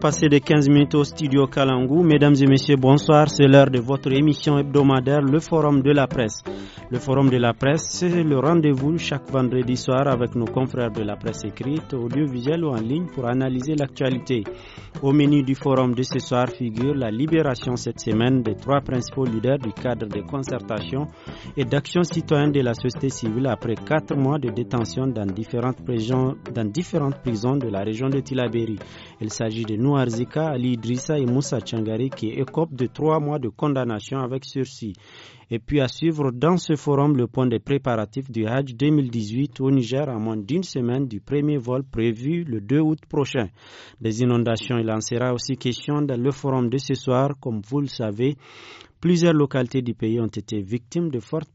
passé de 15 minutes au studio Kalangou. Mesdames et messieurs, bonsoir. C'est l'heure de votre émission hebdomadaire, le Forum de la presse. Le Forum de la presse, c'est le rendez-vous chaque vendredi soir avec nos confrères de la presse écrite, audiovisuelle ou en ligne pour analyser l'actualité. Au menu du Forum de ce soir figure la libération cette semaine des trois principaux leaders du cadre de concertation et d'action citoyenne de la société civile après quatre mois de détention dans différentes prisons, dans différentes prisons de la région de Tilabéry. Il s'agit de Nouar Ali Idrissa et Moussa Tchangari qui écopent de trois mois de condamnation avec sursis. Et puis à suivre dans ce forum le point des préparatifs du Hajj 2018 au Niger à moins d'une semaine du premier vol prévu le 2 août prochain. Des inondations, il en sera aussi question dans le forum de ce soir, comme vous le savez. Plusieurs localités du pays ont été victimes de fortes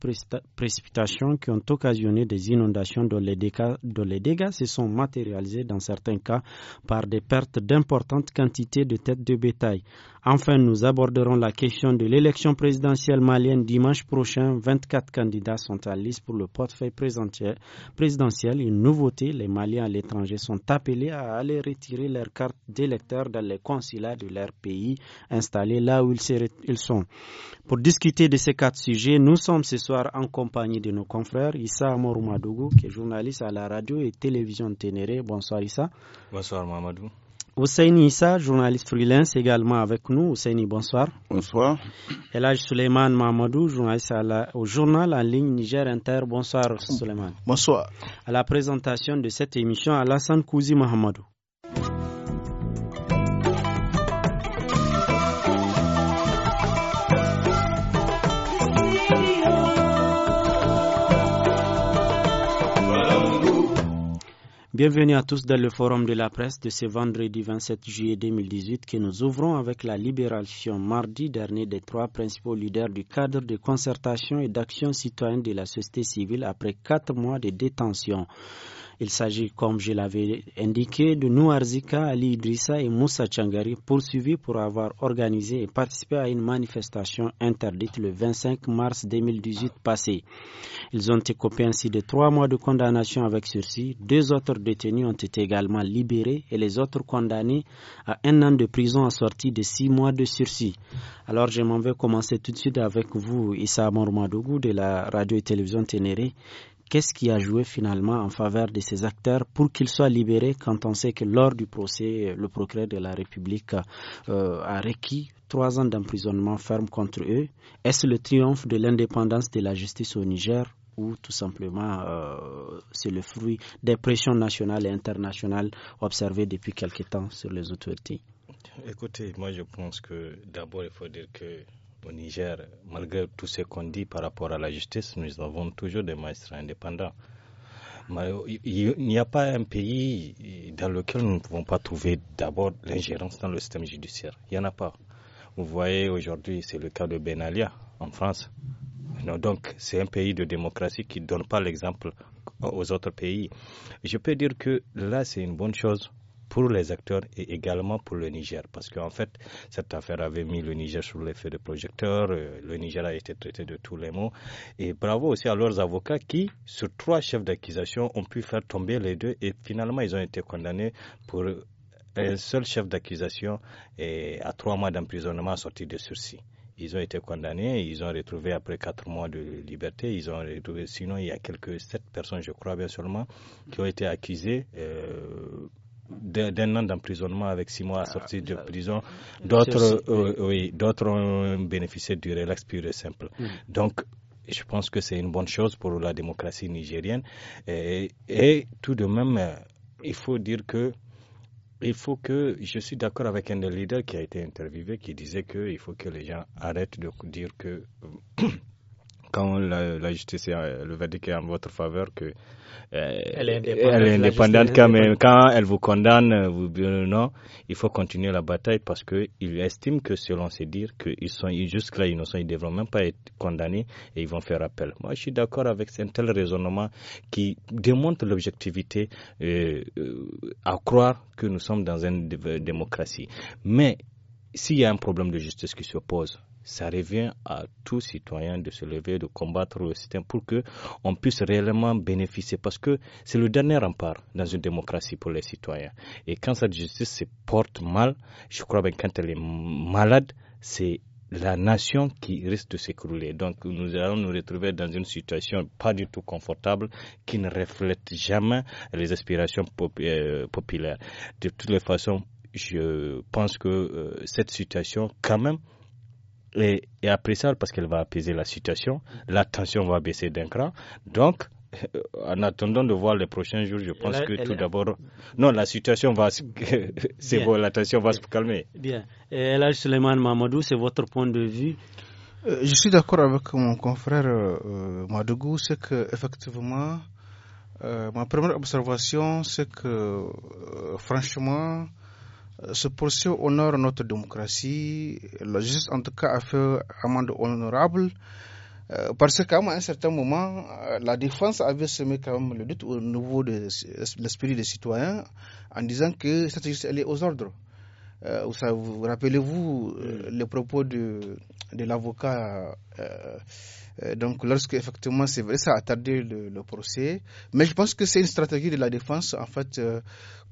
précipitations qui ont occasionné des inondations dont les, dégâts, se sont matérialisés dans certains cas par des pertes d'importantes quantités de têtes de bétail. Enfin, nous aborderons la question de l'élection présidentielle malienne dimanche prochain. 24 candidats sont à liste pour le portefeuille présidentiel. Une nouveauté, les Maliens à l'étranger sont appelés à aller retirer leurs cartes d'électeurs dans les consulats de leur pays installés là où ils sont. Pour discuter de ces quatre sujets, nous sommes ce soir en compagnie de nos confrères Issa Amorumadougou, qui est journaliste à la radio et télévision Ténéré. Bonsoir Issa. Bonsoir Mamadou. Oseini Issa, journaliste freelance également avec nous. Oseini, bonsoir. Bonsoir. Elage Suleiman Mamadou, journaliste au journal en ligne Niger Inter. Bonsoir Suleiman. Bonsoir. À la présentation de cette émission, Alassane Kouzi Mahamadou. Bienvenue à tous dans le forum de la presse de ce vendredi 27 juillet 2018 que nous ouvrons avec la libération mardi dernier des trois principaux leaders du cadre de concertation et d'action citoyenne de la société civile après quatre mois de détention. Il s'agit, comme je l'avais indiqué, de Nouarzika, Ali Idrissa et Moussa Changari poursuivis pour avoir organisé et participé à une manifestation interdite le 25 mars 2018 passé. Ils ont écopé ainsi de trois mois de condamnation avec sursis. Deux autres détenus ont été également libérés et les autres condamnés à un an de prison assorti de six mois de sursis. Alors je m'en vais commencer tout de suite avec vous, Issa Mormadougou de la radio et télévision Ténéré. Qu'est-ce qui a joué finalement en faveur de ces acteurs pour qu'ils soient libérés quand on sait que lors du procès, le procureur de la République euh, a requis trois ans d'emprisonnement ferme contre eux Est-ce le triomphe de l'indépendance de la justice au Niger ou tout simplement euh, c'est le fruit des pressions nationales et internationales observées depuis quelque temps sur les autorités Écoutez, moi je pense que d'abord il faut dire que au Niger, malgré tout ce qu'on dit par rapport à la justice, nous avons toujours des magistrats indépendants. Mais il n'y a pas un pays dans lequel nous ne pouvons pas trouver d'abord l'ingérence dans le système judiciaire. Il n'y en a pas. Vous voyez aujourd'hui, c'est le cas de Benalia en France. donc, c'est un pays de démocratie qui ne donne pas l'exemple aux autres pays. Je peux dire que là, c'est une bonne chose pour les acteurs et également pour le Niger. Parce qu'en fait, cette affaire avait mis le Niger sous l'effet de projecteur, euh, le Niger a été traité de tous les maux. Et bravo aussi à leurs avocats qui, sur trois chefs d'accusation, ont pu faire tomber les deux et finalement ils ont été condamnés pour un seul chef d'accusation et à trois mois d'emprisonnement sorti de sursis ils ont été condamnés, ils ont retrouvé après quatre mois de liberté, ils ont retrouvé, sinon il y a quelques sept personnes, je crois bien seulement, qui ont été accusées euh, d'un an d'emprisonnement avec six mois à ah, sortir de prison. D'autres, euh, oui, d'autres ont bénéficié du relax pur et simple. Mm. Donc, je pense que c'est une bonne chose pour la démocratie nigérienne. Et, tout de même, il faut dire que il faut que, je suis d'accord avec un des leaders qui a été interviewé, qui disait qu'il faut que les gens arrêtent de dire que quand la, la justice, le verdict est en votre faveur, que euh, elle est indépendante, quand même. Quand elle vous condamne, vous euh, non, il faut continuer la bataille parce qu'ils estiment que selon ses dires, qu'ils sont jusque-là ils ne devront même pas être condamnés et ils vont faire appel. Moi, je suis d'accord avec un tel raisonnement qui démontre l'objectivité euh, à croire que nous sommes dans une démocratie. Mais s'il y a un problème de justice qui se pose, ça revient à tout citoyen de se lever, de combattre le système pour que on puisse réellement bénéficier parce que c'est le dernier rempart dans une démocratie pour les citoyens. Et quand cette justice se porte mal, je crois que quand elle est malade, c'est la nation qui risque de s'écrouler. Donc nous allons nous retrouver dans une situation pas du tout confortable qui ne reflète jamais les aspirations euh, populaires. De toutes les façons, je pense que euh, cette situation quand même et, après ça, parce qu'elle va apaiser la situation, la tension va baisser d'un cran. Donc, euh, en attendant de voir les prochains jours, je pense que tout d'abord, non, la situation va, la tension va se calmer. Bien. Et là, Suleiman Mamadou, c'est votre point de vue. Euh, je suis d'accord avec mon confrère euh, Madougou, c'est que effectivement, ma première observation, c'est que franchement, ce euh, poursuit honore notre démocratie. La justice, en tout cas, a fait amende honorable. Euh, parce qu'à un certain moment, euh, la défense avait semé quand même le doute au niveau de l'esprit des citoyens en disant que cette justice elle est aux ordres. vous, vous rappelez-vous mm. les propos de, de l'avocat euh, donc, lorsque effectivement c'est vrai, ça a attardé le, procès, mais je pense que c'est une stratégie de la défense en fait euh,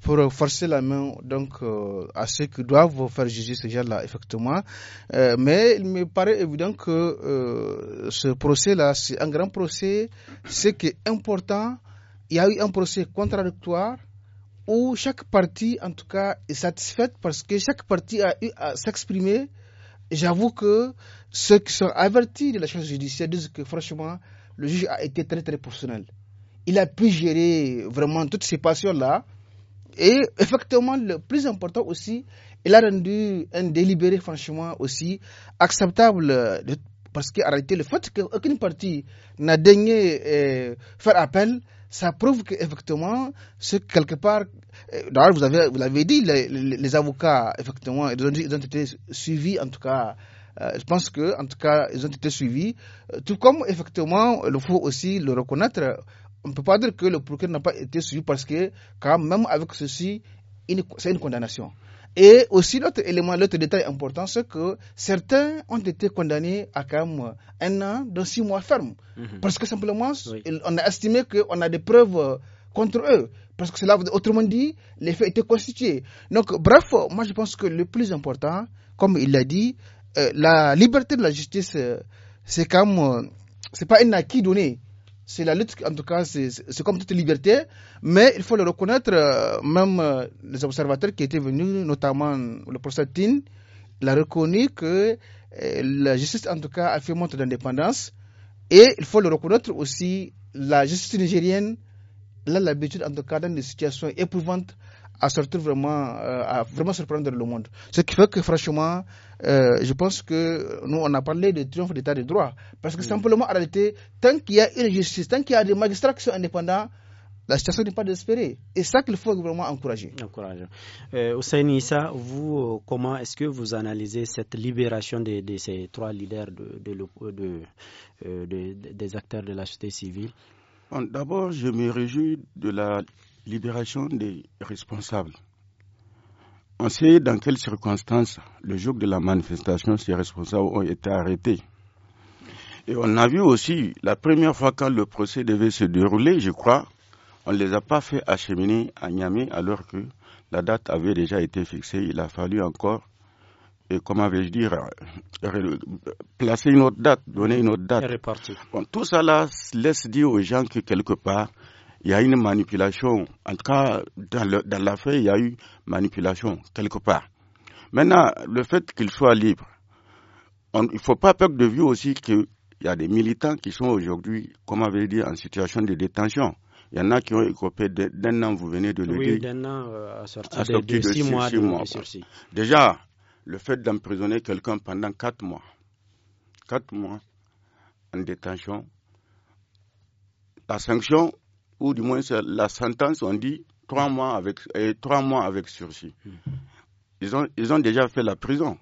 pour forcer la main donc euh, à ceux qui doivent faire juger ce genre là effectivement. mais il me paraît évident que ce procès-là, c'est un grand procès. Ce qui est important, il y a eu un procès contradictoire où chaque partie, en tout cas, est satisfaite parce que chaque partie a eu à s'exprimer j'avoue que ceux qui sont avertis de la chose judiciaire disent que franchement, le juge a été très très personnel. Il a pu gérer vraiment toutes ces passions-là. Et effectivement, le plus important aussi, il a rendu un délibéré franchement aussi acceptable parce qu'en réalité, le fait qu'aucune partie n'a daigné euh, faire appel, ça prouve qu'effectivement, c'est quelque part. Euh, d'ailleurs, vous l'avez dit, les, avocats, effectivement, ils ont, été suivis, en tout cas. Euh, je pense que, en tout cas, ils ont été suivis. Euh, tout comme, effectivement, il faut aussi le reconnaître. On ne peut pas dire que le procureur n'a pas été suivi parce que, quand même, avec ceci, c'est une condamnation. Et aussi l'autre élément, l'autre détail important, c'est que certains ont été condamnés à quand même un an, de six mois ferme. Mhm. Parce que simplement, on a estimé qu'on a des preuves euh, contre eux. Parce que cela, autrement dit, les faits étaient constitués. Donc, bref, moi je pense que le plus important, comme il l'a dit, euh, la liberté de la justice, euh, c'est quand c'est pas un acquis donné c'est la lutte, en tout cas, c'est comme toute liberté, mais il faut le reconnaître, euh, même euh, les observateurs qui étaient venus, notamment le professeur Tin, l'a reconnu que euh, la justice, en tout cas, a fait montre d'indépendance, et il faut le reconnaître aussi, la justice nigérienne a l'habitude, en tout cas, dans des situations éprouvantes, à sortir vraiment, euh, à vraiment surprendre le monde. Ce qui fait que franchement, euh, je pense que nous, on a parlé de triomphe d'état de droit. Parce que simplement, en réalité, tant qu'il y a une justice, tant qu'il y a des magistrats qui sont indépendants, la situation n'est pas désespérée. Et ça qu'il faut vraiment encourager. Encourager. Euh, Issa, vous, euh, comment est-ce que vous analysez cette libération de, ces trois leaders de, de, des acteurs de la société civile D'abord, je me réjouis de la libération des responsables. On sait dans quelles circonstances, le jour de la manifestation, ces responsables ont été arrêtés. Et on a vu aussi, la première fois quand le procès devait se dérouler, je crois, on ne les a pas fait acheminer à Niamey alors que la date avait déjà été fixée. Il a fallu encore, et comment vais-je dire, placer une autre date, donner une autre date. tout cela laisse dire aux gens que quelque part, il y a une manipulation. En tout cas, dans, le, la feuille, il y a eu manipulation quelque part. Maintenant, le fait qu'il soit libre, il ne faut pas perdre de vue aussi qu'il y a des militants qui sont aujourd'hui, comment avait dit, en situation de détention. Il y en a qui ont écopé d'un an, vous venez de le dire. d'un an euh, à sortir de, mois. Déjà, le fait d'emprisonner quelqu'un pendant quatre mois, quatre mois en détention, la sanction, ou du moins la sentence, on dit trois mois avec, et euh, trois mois avec sursis. Mhm. Ils ont, déjà fait la prison.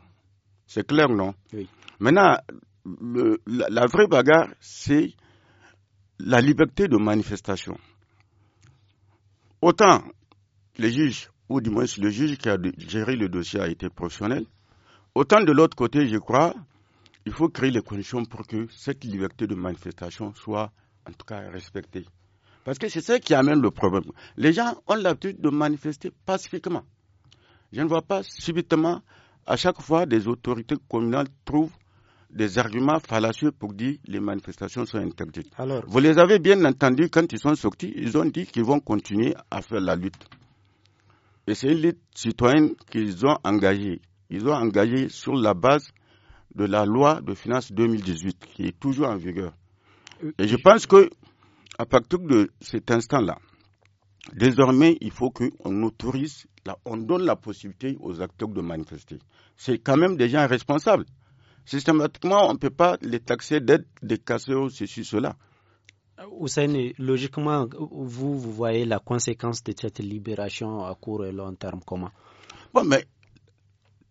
C'est clair, non Maintenant, la, vraie bagarre, c'est la liberté de manifestation. Autant les juges, ou du moins le juge qui a géré le dossier a été professionnel, autant de l'autre côté, je crois, il faut créer les conditions pour que cette liberté de manifestation soit en tout cas respectée. Parce que c'est ça qui amène le problème. Les gens ont l'habitude de manifester pacifiquement. Je ne vois pas subitement, à chaque fois, des autorités communales trouvent des arguments fallacieux pour dire les manifestations sont interdites. Vous les avez bien entendus quand ils sont sortis, ils ont dit qu'ils vont continuer à faire la lutte. Et c'est une lutte citoyenne qu'ils ont engagée. Ils ont engagé sur la base de la loi de finances 2018 qui est toujours en vigueur. Euh, Et je pense que à partir de cet instant-là, désormais, il faut qu'on autorise, on donne la possibilité aux acteurs de manifester. C'est quand même des gens responsables. Systématiquement, on ne peut pas les taxer d'être des casseurs, ceci, cela. Hussein, euh, logiquement, vous, vous voyez la conséquence de cette libération à court et long terme comment Bon, mais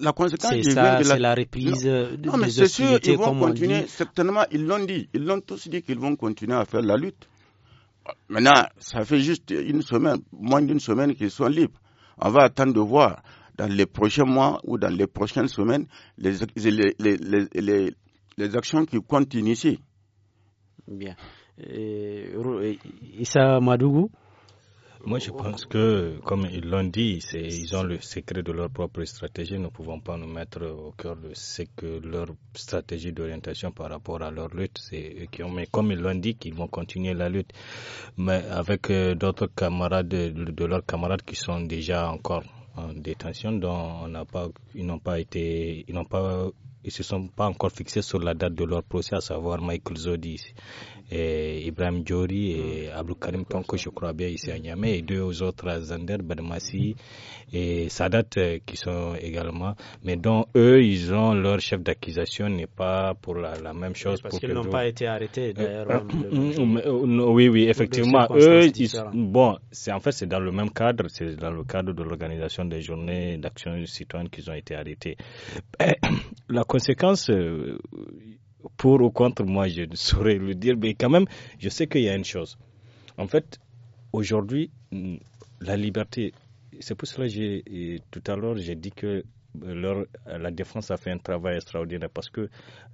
la conséquence, c'est ça, de la... reprise non. des euh, non, mais c'est ils vont continuer. Certainement, ils l'ont dit. Ils l'ont tous dit qu'ils vont continuer à faire la lutte. Maintenant, ça fait juste une semaine, moins d'une semaine qu'ils sont libres. On va attendre de voir dans les prochains mois ou dans les prochaines semaines les, actions qui continuent ici. Bien. Et, Issa Madougou moi, je pense que, comme ils l'ont dit, ils ont le secret de leur propre stratégie. Nous ne pouvons pas nous mettre au cœur de ce que leur stratégie d'orientation par rapport à leur lutte, c'est eux qui ont. Mais comme ils l'ont dit, qu'ils vont continuer la lutte, mais avec euh, d'autres camarades, de leurs camarades qui sont déjà encore en détention dont on n'a pas ils n'ont pas été ils n'ont pas ils se sont pas encore fixés sur la date de leur procès, à savoir Michael Zodi, eh, et Ibrahim Djori et Abdou Karim Tonko, je crois bien, ici à Niamey, et deux autres, Zander, Massi mm-hmm. et Sadat, euh, qui sont également, mais dont eux, ils ont leur chef d'accusation n'est pas pour la, même chose. parce qu'ils n'ont pas été arrêtés, euh, d'ailleurs. Euh, oui, oui, effectivement. Eux, bon, c'est en fait, c'est dans le même cadre, c'est dans le cadre de l'organisation des journées d'action citoyenne qu'ils ont été arrêtés. La conséquence, euh, pour ou contre, moi, je ne saurais le dire, mais quand même, je sais qu'il y a une chose. En fait, aujourd'hui, mm, la liberté, c'est pour cela que tout à l'heure, j'ai dit que euh, euh, la défense a fait un travail extraordinaire parce que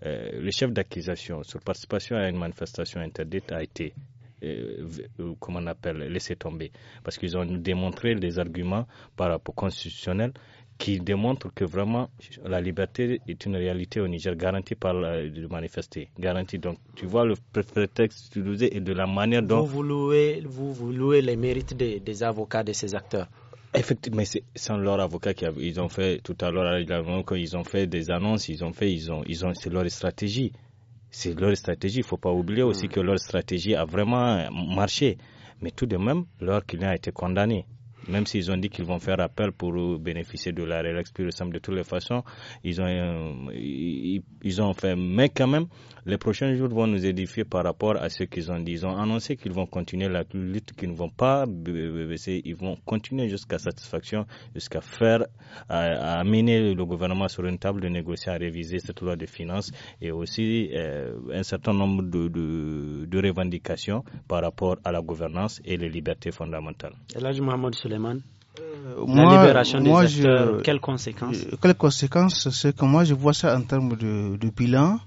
le chef d'accusation sur participation à une manifestation interdite a été comment on appelle, laissé tomber. Parce qu'ils ont démontré des arguments par rapport constitutionnel qui démontre que vraiment la liberté est une réalité au Niger garantie par le manifester, garantie. Donc tu vois le prétexte utilisé et de la manière dont vous, louez, vous, louez les mérites des, avocats de ces acteurs. Effectivement, mais c'est sans leur avocat qui ils ont fait tout à l'heure ils ont fait des annonces, ils ont fait, ils ont, ils c'est leur stratégie, c'est leur stratégie. Il faut pas oublier aussi mm. que leur stratégie a vraiment marché, mais tout de même leur client a été condamné. Même s'ils ont dit qu'ils vont faire appel pour bénéficier de la relaxation, de toutes les façons, ils ont, euh, ils, ont fait. Mais quand même, les prochains jours vont nous édifier par rapport à ce qu'ils ont dit. Ils ont annoncé qu'ils vont continuer la lutte, qu'ils ne vont pas baisser, ils vont continuer jusqu'à satisfaction, jusqu'à faire, à, amener le gouvernement sur une table de négocier, à réviser cette loi de finances et aussi euh, un certain nombre de, revendications par rapport à la gouvernance et les libertés fondamentales. Et là, je euh, la libération des quelles conséquences euh, Quelles conséquences C'est que moi, je vois ça en termes de, bilan.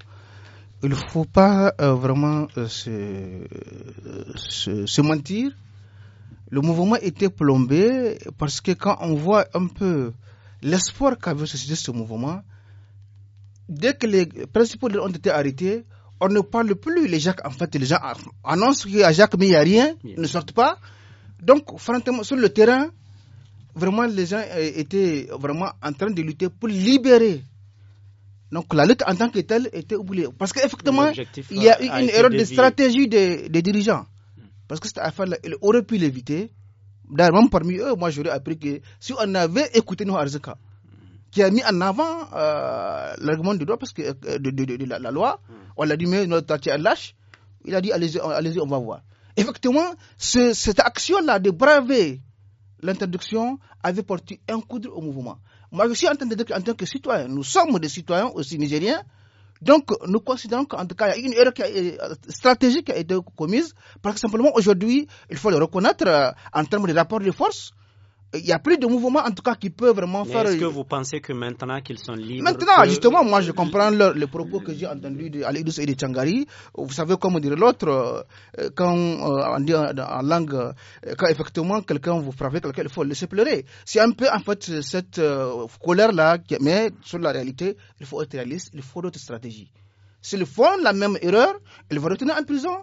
Il ne faut pas euh, vraiment se, mentir. Le mouvement était plombé parce que quand on voit un peu l'espoir qu'avait suscité ce mouvement, dès que les principaux ont été arrêtés, on ne parle plus. Les, Jacques, en fait, les gens annoncent qu'il y Jacques, mais il n'y a rien, ils ne sortent pas. Donc, franchement, sur le terrain, vraiment, les gens euh, étaient vraiment en train de lutter pour libérer. Donc, la lutte en tant que telle était oubliée. Parce qu'effectivement, il y a eu hein, une erreur de stratégie des, dirigeants. Parce que cette affaire-là, ils auraient pu l'éviter. D'ailleurs, même parmi eux, moi, j'aurais appris que si on avait écouté nos Arzeka, qui a mis en avant euh, l'argument de, droit parce que, euh, de, la, loi, hmm. on l'a dit, mais notre tâche est lâche. Il a dit, allez-y, allez on va voir effectivement, ce, cette action-là de braver l'interdiction avait porté un coup de, au mouvement. Moi, je suis en, tant que citoyen, nous sommes des citoyens aussi nigériens, donc nous considérons qu'en tout cas, il y a une erreur qui euh, stratégique qui a été commise, parce que simplement aujourd'hui, il faut le reconnaître euh, en termes de rapport de force il n'y a plus de mouvement en tout cas qui peut vraiment faire. Est-ce que vous pensez que maintenant qu'ils sont libres Maintenant, justement, moi je comprends le, propos que j'ai entendus d'Alidous et de Tchangari. Vous savez comment dire l'autre, euh, quand on euh, dit en, langue, euh, quand effectivement quelqu'un vous frappe, quelqu'un, il faut laisser pleurer. C'est un peu en fait cette colère-là, mais sur la réalité, il faut être réaliste, il faut d'autres stratégies. S'ils font la même erreur, ils vont retourner en prison.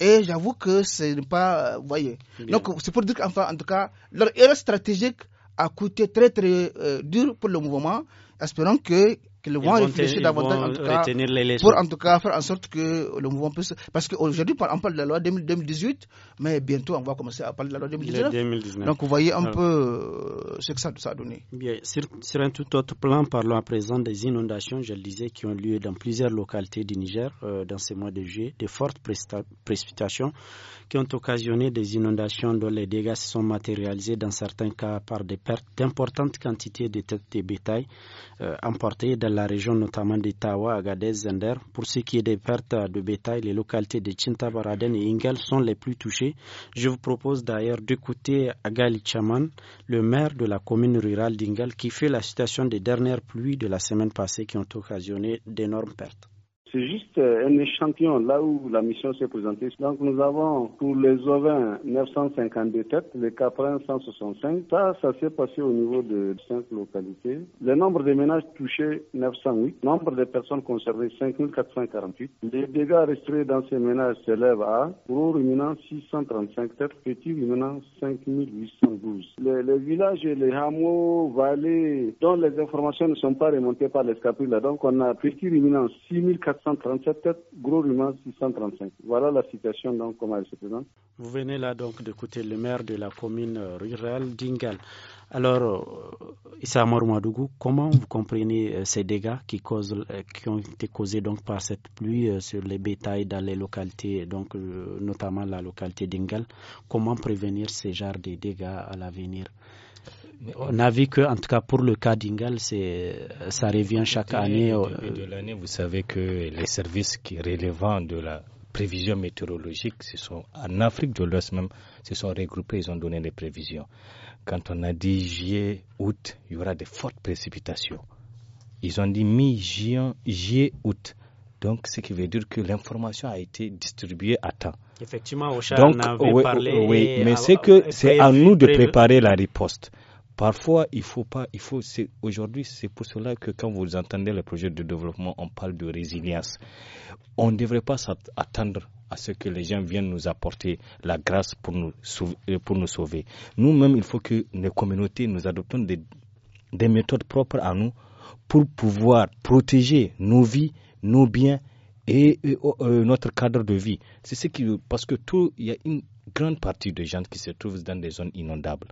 Et j'avoue que ce n'est pas. Euh, vous voyez. Donc, c'est pour dire qu'enfin, en tout cas, leur erreur stratégique a coûté très, très euh, dur pour le mouvement. Espérons que pour en tout cas faire en sorte que le mouvement puisse. Parce qu'aujourd'hui, on parle de la loi 2018, mais bientôt on va commencer à parler de la loi 2019. Donc vous voyez un peu euh, ce que ça, a donné. Bien, sur, un tout autre plan, parlons à présent des inondations, je le disais, qui ont lieu dans plusieurs localités du Niger euh, dans ces mois de juillet, des fortes précipitations qui ont occasionné des inondations dont les dégâts se sont matérialisés dans certains cas par des pertes d'importantes quantités de têtes de bétail euh, emportées dans la région notamment Tawa, Agadez, Zender. Pour ce qui est des pertes de bétail, les localités de Chintabaraden et ingal sont les plus touchées. Je vous propose d'ailleurs d'écouter Agali Chaman, le maire de la commune rurale Dingal, qui fait la situation des dernières pluies de la semaine passée qui ont occasionné d'énormes pertes c'est juste euh, un échantillon là où la mission s'est présentée. Donc nous avons pour les ovins 952 têtes, les caprins 165. Ça, ça s'est passé au niveau de cinq localités. Le nombre de ménages touchés 908, nombre de personnes conservées 5448. Les dégâts restreints dans ces ménages s'élèvent à gros ruminants 635 têtes, petits ruminants 5812. Les, les villages et les hameaux, vallées dont les informations ne sont pas remontées par l'escapula, donc on a petits ruminants 6400 137, gros ruman 635. Voilà la situation donc comment elle se présente. Vous venez là donc d'écouter le maire de la commune rurale d'Ingal. Alors, euh, Issa Mouadougou, comment vous comprenez euh, ces dégâts euh, qui, ont été causés donc par cette pluie sur les bétails dans les localités, donc notamment la localité d'Ingal Comment prévenir ces genre de dégâts à l'avenir on a vu que, en tout cas, pour le cas d'Ingal, ça revient chaque année. Au euh, de l'année, vous savez que les services qui relevant de la prévision météorologique, ce sont, en Afrique de l'Ouest même, se sont regroupés, ils ont donné les prévisions. Quand on a dit juillet, août, il y aura de fortes précipitations. Ils ont dit mi-juin, août. Donc, ce qui veut dire que l'information a été distribuée à temps. Effectivement, Ocha avait parlé. Oui, mais c'est que c'est à nous de préparer la riposte. Parfois, il faut pas, il faut, aujourd'hui, c'est pour cela que quand vous entendez les projets de développement, on parle de résilience. On ne devrait pas s'attendre à ce que les gens viennent nous apporter la grâce pour nous sauver. Euh, pour nous sauver. Nous-mêmes, il faut que nos communautés nous adoptent des, des méthodes propres à nous pour pouvoir protéger nos vies, nos biens et, oh, euh, notre cadre de vie. C'est ce qui, parce que tout, il y a une grande partie des gens qui se trouvent dans des zones inondables.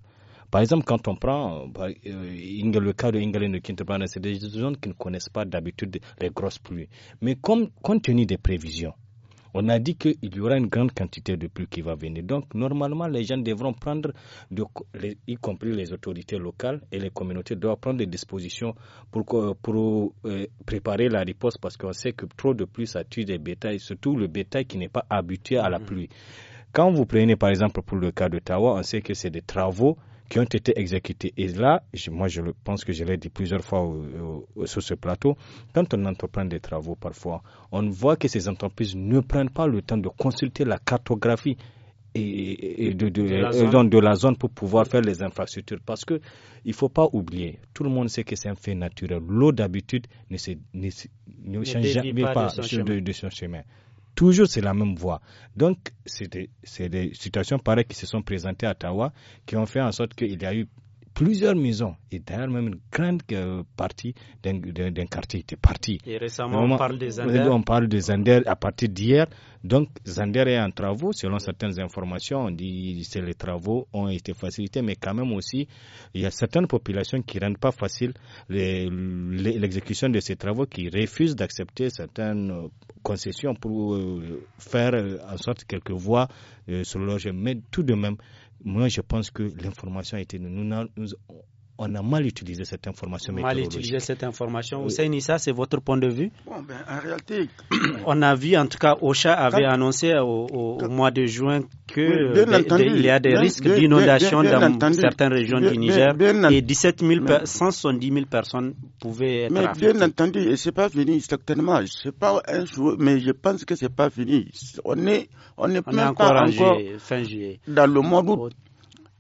Par exemple, quand on prend le cas de et de Kintabana, c'est des zones qui ne connaissent pas d'habitude les grosses pluies. Mais comme, compte tenu des prévisions, on a dit qu'il y aura une grande quantité de pluie qui va venir. Donc, normalement, les gens devront prendre, y compris les autorités locales et les communautés, doivent prendre des dispositions pour, euh, préparer la riposte parce qu'on sait que trop de pluie, ça tue des bétails, surtout le bétail qui n'est pas habitué à la mm-hmm. pluie. Quand vous prenez, par exemple, pour le cas d'Ottawa, on sait que c'est des travaux qui ont été exécutés. Et là, moi, je pense que je l'ai dit plusieurs fois sur ce plateau, quand on entreprend des travaux parfois, on voit que ces entreprises ne prennent pas le temps de consulter la cartographie et, de, la zone. pour pouvoir faire les infrastructures. Parce qu'il ne faut pas oublier, tout le monde sait que c'est un fait naturel. L'eau d'habitude ne, se, ne, change jamais pas, de son chemin. Toujours, c'est la même voie. Donc, c'est des, des, situations pareilles qui se sont présentées à Tawa, qui ont fait en sorte qu'il y a eu plusieurs maisons, et d'ailleurs même une grande euh, partie d'un quartier était partie. Et récemment, on parle des Zander. On parle des Zander à partir d'hier. Donc, Zander est en travaux, selon certaines informations, on dit que les travaux ont été facilités, mais quand même aussi, il y a certaines populations qui ne rendent pas facile l'exécution de ces travaux, qui refusent d'accepter certaines euh, concessions pour euh, faire en sorte quelques voies sur le logement. Mais tout de même, moi, je pense que l'information a été. nous, on a mal utilisé cette information Mal utilisé cette information. Hussein Issa c'est votre point de vue bon, ben, En réalité... on a vu, en tout cas, OCHA avait annoncé au, mois de juin qu'il y a des risques d'inondation dans certaines régions du Niger et 17 170 000 personnes pouvaient être mais Bien entendu, et ce n'est pas fini, certainement. Je sais pas un jour, mais je pense que ce n'est pas fini. On est, on pas en encore fin juillet. dans le mois d'août.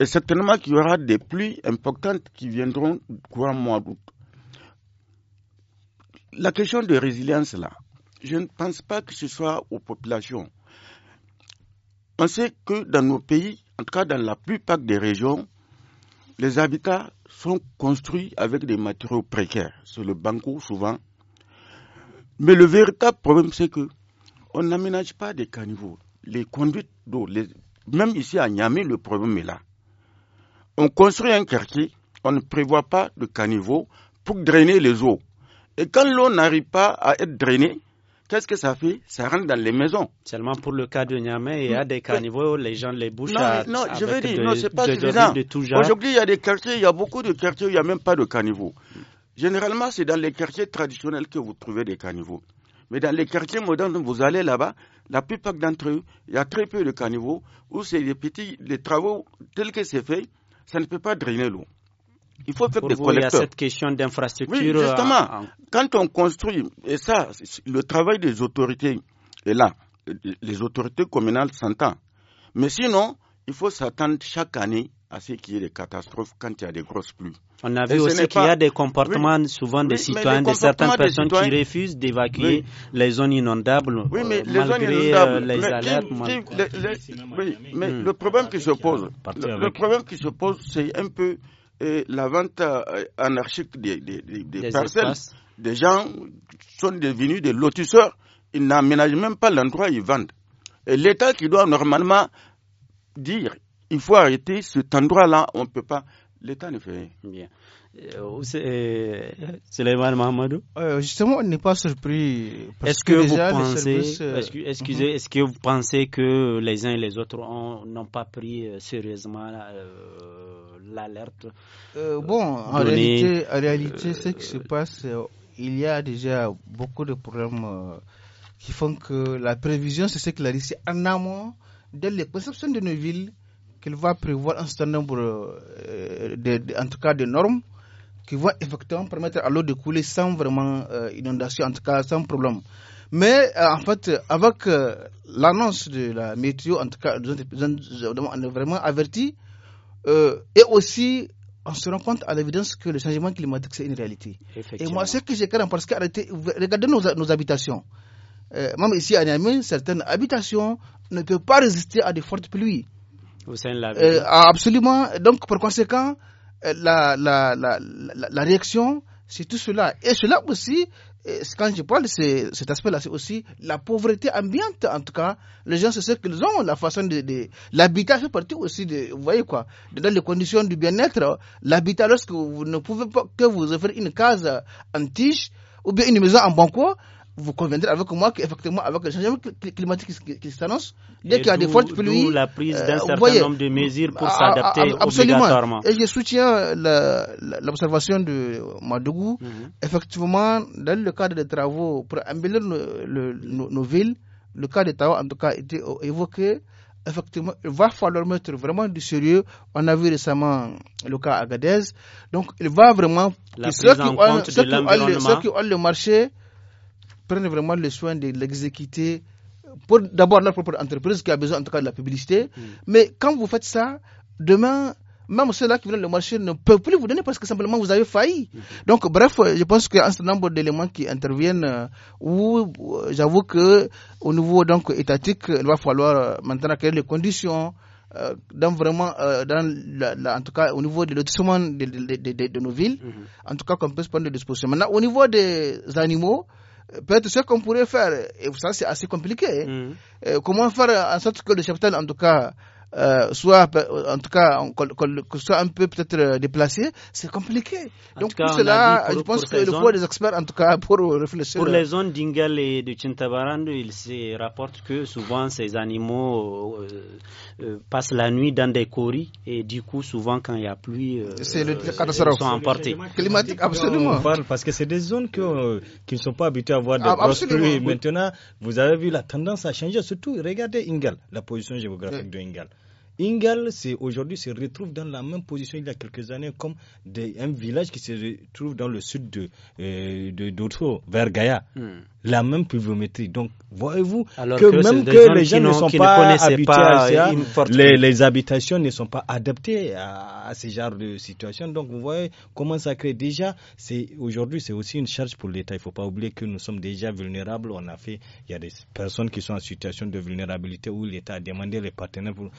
Et certainement qu'il y aura des pluies importantes qui viendront courant mois d'août. La question de résilience, là, je ne pense pas que ce soit aux populations. On sait que dans nos pays, en tout cas dans la plupart des régions, les habitats sont construits avec des matériaux précaires. C'est le banco souvent. Mais le véritable problème, c'est que on n'aménage pas des caniveaux. Les conduites d'eau, même ici à Niamey, le problème est là. On construit un quartier, on ne prévoit pas de caniveau pour drainer les eaux. Et quand l'eau n'arrive pas à être drainée, qu'est-ce que ça fait Ça rentre dans les maisons. Seulement pour le cas de Niamey, il y a des caniveaux, les gens les bouchent. Non, je veux dire, de, non, pas Aujourd'hui, il y a des quartiers, il y a beaucoup de quartiers où il n'y a même pas de caniveaux. Généralement, c'est dans les quartiers traditionnels que vous trouvez des caniveaux. Mais dans les quartiers modernes, vous allez là-bas, la plupart d'entre eux, il y a très peu de caniveaux où c'est des petits, des travaux tels que c'est fait, ça ne peut pas drainer l'eau. Il faut faire des collecteurs. Il y a cette question d'infrastructure. Oui, justement, euh, quand on construit, et ça, le travail des autorités est là. Les autorités communales s'entendent. Mais sinon, il faut s'attendre chaque année à ce qu'il y ait des catastrophes quand il y a des grosses pluies. On a vu aussi qu'il y a des comportements souvent des citoyens, de certaines personnes qui refusent d'évacuer les zones inondables oui, mais euh, les malgré zones euh, inondables, les alertes. mais le problème qui se pose, le, problème qui se pose, c'est un peu euh, la vente anarchique des, des, des, parcelles. Des gens sont devenus des lotisseurs. Ils n'aménagent même pas l'endroit où ils vendent. Et l'État qui doit normalement dire il faut arrêter cet endroit-là. On ne peut pas. L'État ne fait rien. Bien. Euh, Suleiman euh, Mahamadou euh, Justement, on n'est pas surpris. Est-ce que, vous pensez, excusez, mhm. est-ce que vous pensez que les uns et les autres n'ont pas pris sérieusement l'alerte Bon, en réalité, réalité ce qui se passe, il y a déjà beaucoup de problèmes qui font que la prévision, c'est ce que la Russie en amont, dès les perceptions de nos villes, qu'il va prévoir un certain nombre, euh, de, en tout cas, de normes qui vont effectivement permettre à l'eau de couler sans vraiment euh, inondation, en tout cas sans problème. Mais euh, en fait, avec l'annonce de la météo, en tout cas, on est vraiment averti. et aussi, on se rend compte à l'évidence que le changement climatique, c'est une réalité. Et moi, ce que j'ai craint, parce que regardez nos, habitations. même ici à Niamey, certaines habitations ne peuvent pas résister à de fortes pluies. Euh, ah, absolument. Donc, par conséquent, euh, la, la, la, la réaction, c'est tout cela. Et cela aussi, euh, quand je parle de cet aspect-là, c'est aussi la pauvreté ambiante, en tout cas. Les gens, c'est ce qu'ils ont, la façon de. de l'habitat fait partie aussi de. Vous voyez quoi Dans les conditions du bien-être, l'habitat, lorsque vous ne pouvez pas que vous offrir une case en tige ou bien une maison en banco, vous conviendrez avec moi qu'effectivement, avec le changement climatique qui, s'annonce, dès qu'il y a des fortes pluies. la prise euh, d'un nombre de mesures pour ah, ah, s'adapter ah, obligatoirement. Et je soutiens l'observation de Madougou. Mhm. Effectivement, dans le cadre des travaux pour améliorer nos, villes, le cas des travaux, en tout cas, a été évoqué. Effectivement, il va falloir mettre vraiment du sérieux. On a vu récemment le cas à Gadez. Donc, il va vraiment. La Ceux qui ont le marché prennent vraiment le soin de l'exécuter pour d'abord leur propre entreprise qui a besoin en tout cas de la publicité. Mm. Mais quand vous faites ça, demain, même ceux-là qui viennent le marché ne peuvent plus vous donner parce que simplement vous avez failli. Donc, bref, je pense qu'il y a un certain nombre d'éléments qui interviennent euh, où euh, j'avoue que au niveau donc étatique, il va falloir euh, maintenant créer les conditions. dans vraiment, dans en tout cas au niveau de lotissement de, nos villes, mm-hmm. en tout cas qu'on puisse prendre des dispositions. Maintenant, au niveau des animaux, peut-être ce qu'on pourrait faire, et ça c'est assez compliqué, mm. euh, comment faire en sorte que le cheptel en tout cas euh, soit en tout cas soit un peu peut-être euh, déplacé, c'est compliqué. Donc cela, je pense qu'il faut des experts en tout cas pour réfléchir. Pour les zones d'Ingal et de Chintabaran, il se rapporte que souvent ces animaux euh, passent la nuit dans des coris et du coup souvent quand il y a pluie euh, c'est le euh, catastrophe sont emportés climatique absolument parce que c'est des zones qui ne sont pas habituées à voir des ah, grosses pluies maintenant vous avez vu la tendance à changer surtout regardez Ingal la position géographique de Ingal Ingal, aujourd'hui, se retrouve dans la même position il y a quelques années comme un village qui se retrouve dans le sud de, euh, vers Gaïa. Hmm. La même pluviométrie. Donc, voyez-vous que, même que les gens ne sont pas habitués les, les, habitations ne sont pas adaptées à, ce genre de situation. Donc, vous voyez comment ça crée. Déjà, aujourd'hui, c'est aussi une charge pour l'État. Il ne faut pas oublier que nous sommes déjà vulnérables. On a fait, il y a des personnes qui sont en situation de vulnérabilité où l'État a demandé les partenaires pour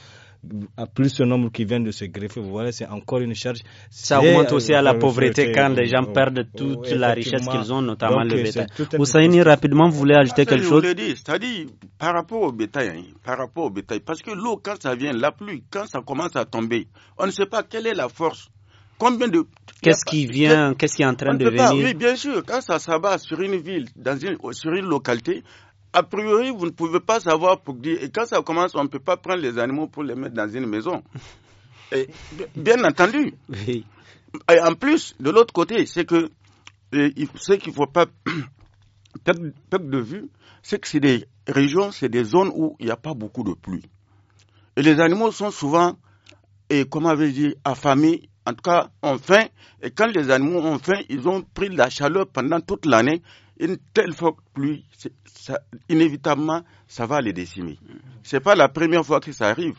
plus ce nombre qui vient de se greffer, vous voyez, c'est encore une charge. Ça augmente aussi à la euh, pauvreté quand les gens perdent toute la richesse qu'ils ont, notamment le euh, bétail. Oussaini, rapidement, vous voulez ajouter quelque chose C'est-à-dire, par rapport au bétail, hein, par rapport au bétail, parce que l'eau, quand ça vient, la pluie, quand ça commence à tomber, on ne sait pas quelle est la force. Combien de Qu'est-ce qui vient Qu'est-ce qui est en train de venir Oui, bien sûr. Quand ça s'abat sur une ville, sur une localité, a priori, vous ne pouvez pas savoir pour dire. Et quand ça commence, on ne peut pas prendre les animaux pour les mettre dans une maison. bien entendu. Et en plus, de l'autre côté, c'est que euh, ce qu'il ne faut pas perdre, de vue, c'est que c'est des régions, c'est des zones où il n'y a pas beaucoup de pluie. Et les animaux sont souvent, et comment avait dit, affamés, en tout cas ont faim. Et quand les animaux ont faim, ils ont pris la chaleur pendant toute l'année une telle pluie, inévitablement, ça va les décimer. Ce n'est pas la première fois que ça arrive.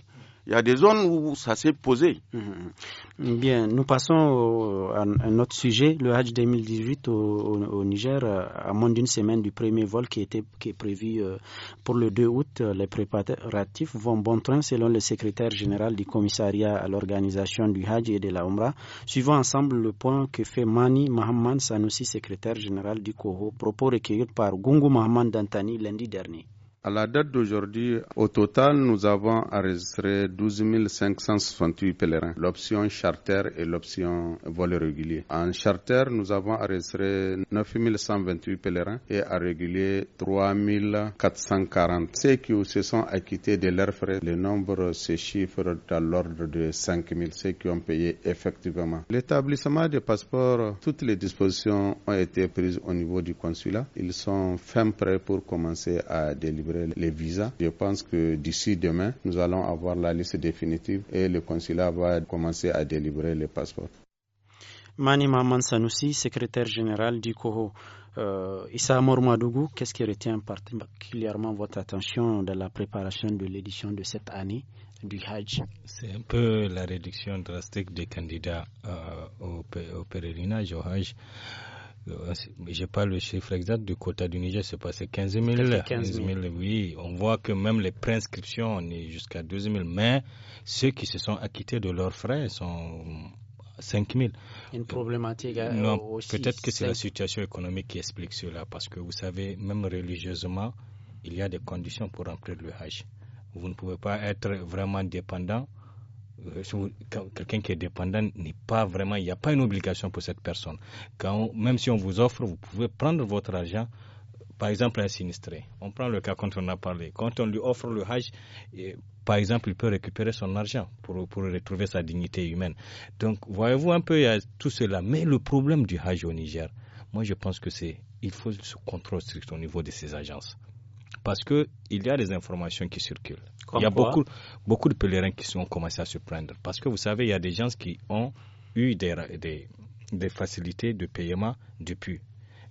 Il y a des zones où ça s'est posé. Mm-hmm. Bien, nous passons à, un autre sujet, le Hajj 2018 au, Niger, euh, à moins d'une semaine du premier vol qui, était, est prévu euh, pour le 2 août. Euh, les préparatifs vont bon train selon le secrétaire général du commissariat à l'organisation du Hajj et de la Omra. Suivons ensemble le point que fait Mani Mahamman Sanoussi, secrétaire général du COHO, propos recueillis par Gungu Mahamman Dantani lundi dernier. À la date d'aujourd'hui, au total, nous avons enregistré 12 568 pèlerins, l'option charter et l'option vol régulier. En charter, nous avons enregistré 9 128 pèlerins et en régulier 3 440. Ceux qui se sont acquittés de leurs frais, le nombre se chiffre dans l'ordre de 5 000, ceux qui ont payé effectivement. L'établissement des passeports, toutes les dispositions ont été prises au niveau du consulat. Ils sont fin prêts pour commencer à délivrer les visas. Je pense que d'ici demain, nous allons avoir la liste définitive et le consulat va commencer à délivrer les passeports. Mani Maman secrétaire général du COHO. Euh, Issa Mormadougou, qu'est-ce qui retient particulièrement votre attention dans la préparation de l'édition de cette année du Hajj C'est un peu la réduction drastique des candidats euh, au, au pèlerinage, au Hajj. Euh, je n'ai pas le chiffre exact du quota du Niger, c'est passé 15 000. 15 000. oui. On voit que même les préinscriptions, on est jusqu'à 12 000. Mais ceux qui se sont acquittés de leurs frais sont 5 000. Une problématique euh, Non, peut-être que c'est la situation économique qui explique cela. Parce que vous savez, même religieusement, il y a des conditions pour remplir le H. Vous ne pouvez pas être vraiment dépendant euh, quelqu'un qui est dépendant n'est pas vraiment, il n'y a pas une obligation pour cette personne. Quand, même si on vous offre, vous pouvez prendre votre argent. Par exemple, un sinistré. On prend le cas quand on a parlé. Quand on lui offre le Hajj, par exemple, il peut récupérer son argent pour, pour retrouver sa dignité humaine. Donc, voyez-vous un peu, il y a tout cela. Mais le problème du Hajj au Niger, moi, je pense que c'est, il faut ce contrôle strict au niveau de ces agences parce que il y a des informations qui circulent. il y a beaucoup, beaucoup de pèlerins qui ont commencé à se prendre parce que vous savez, il y a des gens qui ont eu des, facilités de paiement depuis.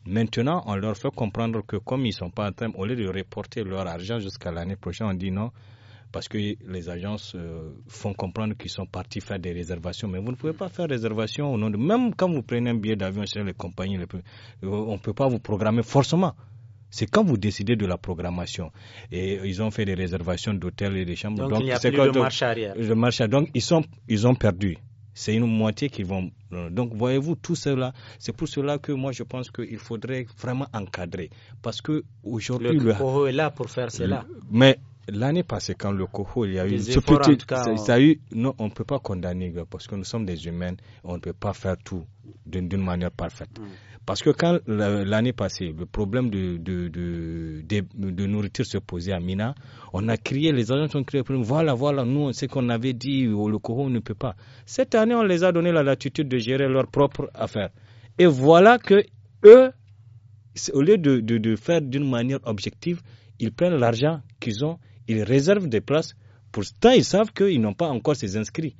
Maintenant, on leur fait comprendre que comme ils sont pas en train, au lieu de reporter leur argent jusqu'à l'année prochaine, on dit non, parce que les agences euh, font comprendre qu'ils sont partis faire des réservations. Mais vous ne pouvez pas faire réservation au nom de... Même quand vous prenez un billet d'avion chez les compagnies, euh, on ne peut pas vous programmer forcément. C'est quand vous décidez de la programmation. Et ils ont fait des réservations d'hôtels et des chambres. Donc, il n'y plus de marche arrière. Donc ils, ils ont perdu c'est une moitié qui vont. Donc, voyez-vous, tout cela, c'est pour cela que moi je pense qu'il faudrait vraiment encadrer. Parce que aujourd'hui. Le, coho est là pour faire cela. Mais l'année passée, quand le coho, il y a eu. Ce petit, ça, a eu. Non, on ne peut pas condamner, parce que nous sommes des humains, on ne peut pas faire tout d'une manière parfaite. Hmm. Parce que quand l'année passée, le problème de, nourriture se posait à Mina, on a crié, les agents ont crié, voilà, voilà, nous, c'est qu'on avait dit, oh, le on ne peut pas. Cette année, on les a donné la latitude de gérer leurs propres affaires. Et voilà que eux, au lieu de, faire d'une manière objective, ils prennent l'argent qu'ils ont, ils réservent des places. Pourtant, ils savent qu'ils n'ont pas encore ces inscrits.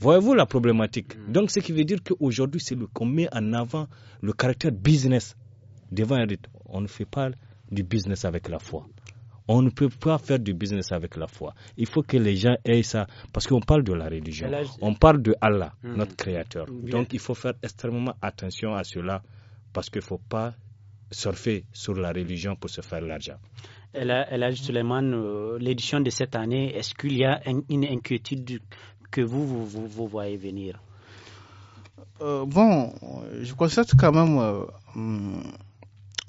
Voyez-vous la problématique mm. Donc, ce qui veut dire qu'aujourd'hui, c'est qu'on met en avant le caractère business devant un rite. On ne fait pas du business avec la foi. On ne peut pas faire du business avec la foi. Il faut que les gens aient ça. Parce qu'on parle de la religion. On parle de Allah, mm. notre créateur. Donc, il faut faire extrêmement attention à cela. Parce qu'il ne faut pas surfer sur la religion pour se faire l'argent. Elle a, elle a justement l'édition de cette année. Est-ce qu'il y a une inquiétude que vous, vous, voyez venir euh, Bon, je constate quand même. Euh, hum,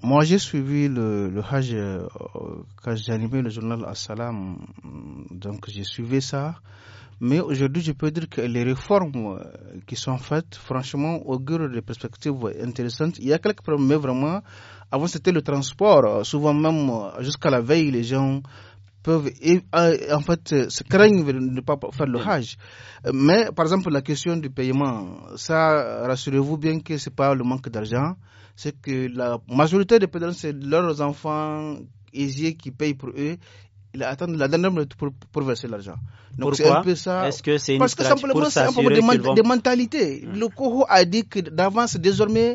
moi, j'ai suivi le, le Hajj euh, quand j'animais le journal Assalam, hum, donc j'ai suivi ça. Mais aujourd'hui, je peux dire que les réformes qui sont faites, franchement, augurent des perspectives intéressantes. Il y a quelques problèmes, mais vraiment, avant c'était le transport. Souvent même, jusqu'à la veille, les gens peuvent en fait euh, se craignent de ne pas faire le mm. Hajj. Mais par exemple la question du paiement, ça rassurez-vous bien que c'est pas le manque d'argent, c'est que la majorité des pédales c'est leurs enfants aisés qui payent pour eux Ils attendent la dernière minute pour, verser l'argent. Donc c'est un peu ça. Est-ce que c'est une Parce que c'est un problème de, mentalité. Mm. Le Coho a dit que d'avance désormais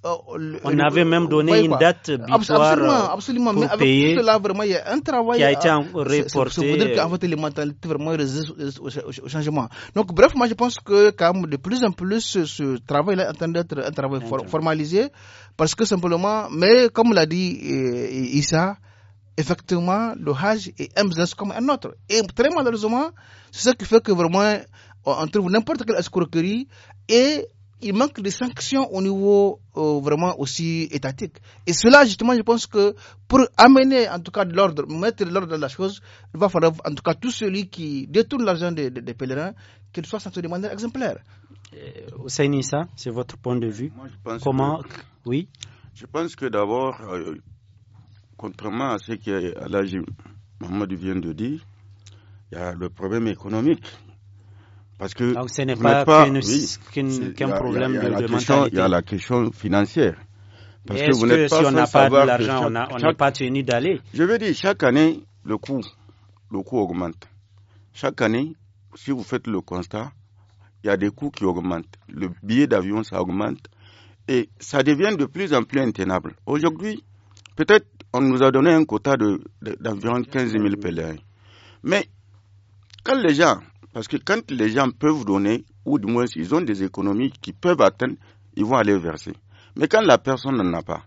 Oh, on avait même donné une date butoir absolument, euh, absolument. Pour mais avec tout cela, vraiment, il y a un travail qui a été reporté. vraiment changement. Donc, bref, moi, je pense que quand même, de plus en plus, ce, travail-là est en train d'être un travail formalisé parce que simplement, mais comme l'a dit euh, Issa, effectivement, le Hajj est un business comme un autre. Et très malheureusement, c'est ça qui fait que vraiment, on trouve n'importe quelle escroquerie et il manque des sanctions au niveau euh, vraiment aussi étatique. Et cela, justement, je pense que pour amener en tout cas de l'ordre, mettre l'ordre dans la chose, il va falloir en tout cas tout celui qui détourne l'argent des, pèlerins, qu'il soit sanctionné de manière exemplaire. Euh, c'est votre point de vue je pense Comment que, Oui Je pense que d'abord, euh, contrairement à ce que Alaji Mohamed vient de dire, il y a le problème économique parce que Donc ce n'est pas, qu'un problème de, de mentalité. Il y a la question financière. Parce que, vous que si on n'a pas de l'argent, on n'est pas tenu d'aller Je veux dire, chaque année, le coût, le augmente. Chaque année, si vous faites le constat, il y a des coûts qui augmentent. Le billet d'avion, ça augmente. Et ça devient de plus en plus intenable. Aujourd'hui, peut-être on nous a donné un quota d'environ de, 15 000 pèlerins. Mais quand les gens parce que quand les gens peuvent donner, ou du moins ils ont des économies qui peuvent atteindre, ils vont aller verser. Mais quand la personne n'en a pas,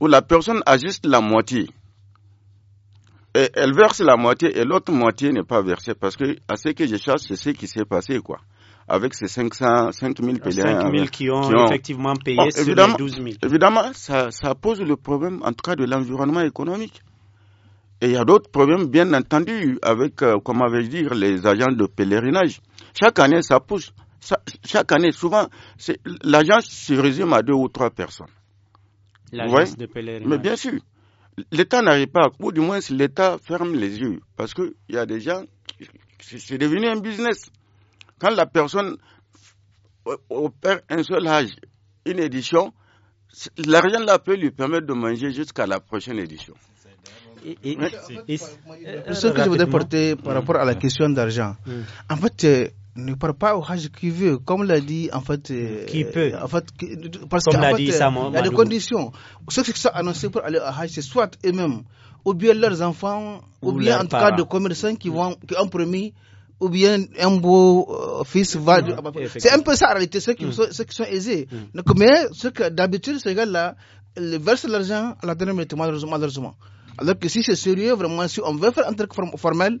ou la personne a juste la moitié, et elle verse la moitié et l'autre moitié n'est pas versée parce que à ce que je cherche, c'est ce qui s'est passé quoi. Avec ces 500, 5000 pèlerins. 5000 qui, ont effectivement payé c'est 12 000. Évidemment, ça pose le problème en tout cas de l'environnement économique. Et il y a d'autres problèmes, bien entendu, avec, euh, comment vais-je dire, les agents de pèlerinage. Chaque année, ça pousse. chaque année, souvent, l'agence se résume à deux ou trois personnes. L'agence de pèlerinage. Mais bien sûr, l'État n'arrive pas, ou du moins l'État ferme les yeux, parce qu'il y a des gens, c'est devenu un business. Quand la personne opère un seul âge, une édition, l'argent là peut lui permettre de manger jusqu'à la prochaine édition et, ce euh, que je euh, voudrais porter par rapport à la mm. question d'argent, mm. en fait, euh, ne parle pas au Hajj qui veut, comme l'a dit en fait. Qui peut. En fait, parce qu'il y a des conditions. Ceux qui sont annoncés pour aller au Hajj, c'est soit eux-mêmes, ou bien leurs enfants, ou, bien en tout cas des commerçants qui, vont, qui ont promis ou bien un beau fils va. C'est un peu ça en réalité, ceux qui, mm. sont, qui sont aisés. mais ceux que d'habitude, ces gars-là, versent l'argent à la dernière minute, malheureusement. Alors que si c'est sérieux, vraiment, si on veut faire un truc formel,